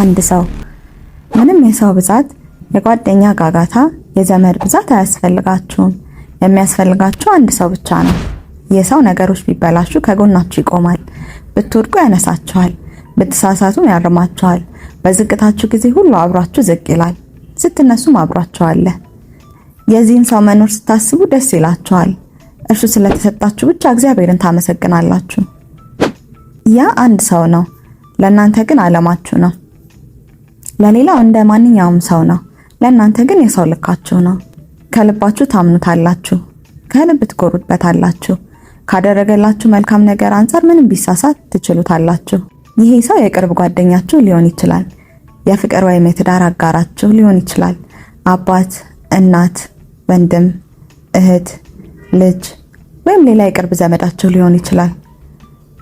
አንድ ሰው ምንም የሰው ብዛት፣ የጓደኛ ጋጋታ፣ የዘመድ ብዛት አያስፈልጋችሁም። የሚያስፈልጋችሁ አንድ ሰው ብቻ ነው። የሰው ነገሮች ቢበላሹ ከጎናችሁ ይቆማል። ብትወድቁ ያነሳችኋል፣ ብትሳሳቱም ያርማችኋል። በዝቅታችሁ ጊዜ ሁሉ አብሯችሁ ዝቅ ይላል፣ ስትነሱም አብሯችሁ አለ። የዚህን ሰው መኖር ስታስቡ ደስ ይላችኋል። እርሱ ስለተሰጣችሁ ብቻ እግዚአብሔርን ታመሰግናላችሁ። ያ አንድ ሰው ነው፣ ለእናንተ ግን ዓለማችሁ ነው። ለሌላው እንደ ማንኛውም ሰው ነው። ለእናንተ ግን የሰው ልካችሁ ነው። ከልባችሁ ታምኑታላችሁ፣ ከልብ ትኮሩበታላችሁ። ካደረገላችሁ መልካም ነገር አንጻር ምንም ቢሳሳት ትችሉታላችሁ። ይሄ ሰው የቅርብ ጓደኛችሁ ሊሆን ይችላል። የፍቅር ወይም የትዳር አጋራችሁ ሊሆን ይችላል። አባት፣ እናት፣ ወንድም፣ እህት፣ ልጅ ወይም ሌላ የቅርብ ዘመዳችሁ ሊሆን ይችላል።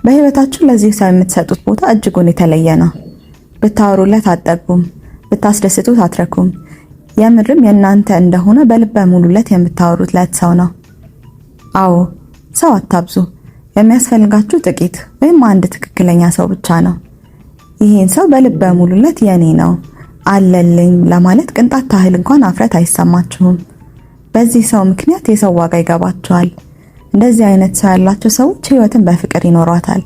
በህይወታችሁ ለዚህ ሰው የምትሰጡት ቦታ እጅጉን የተለየ ነው። ብታወሩለት አጠቁም፣ ብታስደስቱት አትረኩም። የምርም የእናንተ እንደሆነ በልበ ሙሉለት የምታወሩለት ሰው ነው። አዎ ሰው አታብዙ። የሚያስፈልጋችሁ ጥቂት ወይም አንድ ትክክለኛ ሰው ብቻ ነው። ይህን ሰው በልበ ሙሉለት የኔ ነው አለልኝ ለማለት ቅንጣት ታህል እንኳን አፍረት አይሰማችሁም። በዚህ ሰው ምክንያት የሰው ዋጋ ይገባችኋል። እንደዚህ አይነት ሰው ያላቸው ሰዎች ህይወትን በፍቅር ይኖሯታል።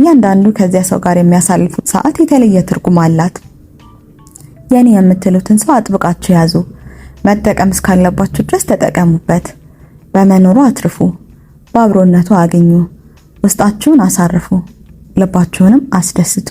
እያንዳንዱ ከዚያ ሰው ጋር የሚያሳልፉት ሰዓት የተለየ ትርጉም አላት። የኔ የምትሉትን ሰው አጥብቃችሁ ያዙ። መጠቀም እስካለባችሁ ድረስ ተጠቀሙበት። በመኖሩ አትርፉ፣ በአብሮነቱ አግኙ። ውስጣችሁን አሳርፉ፣ ልባችሁንም አስደስቱ።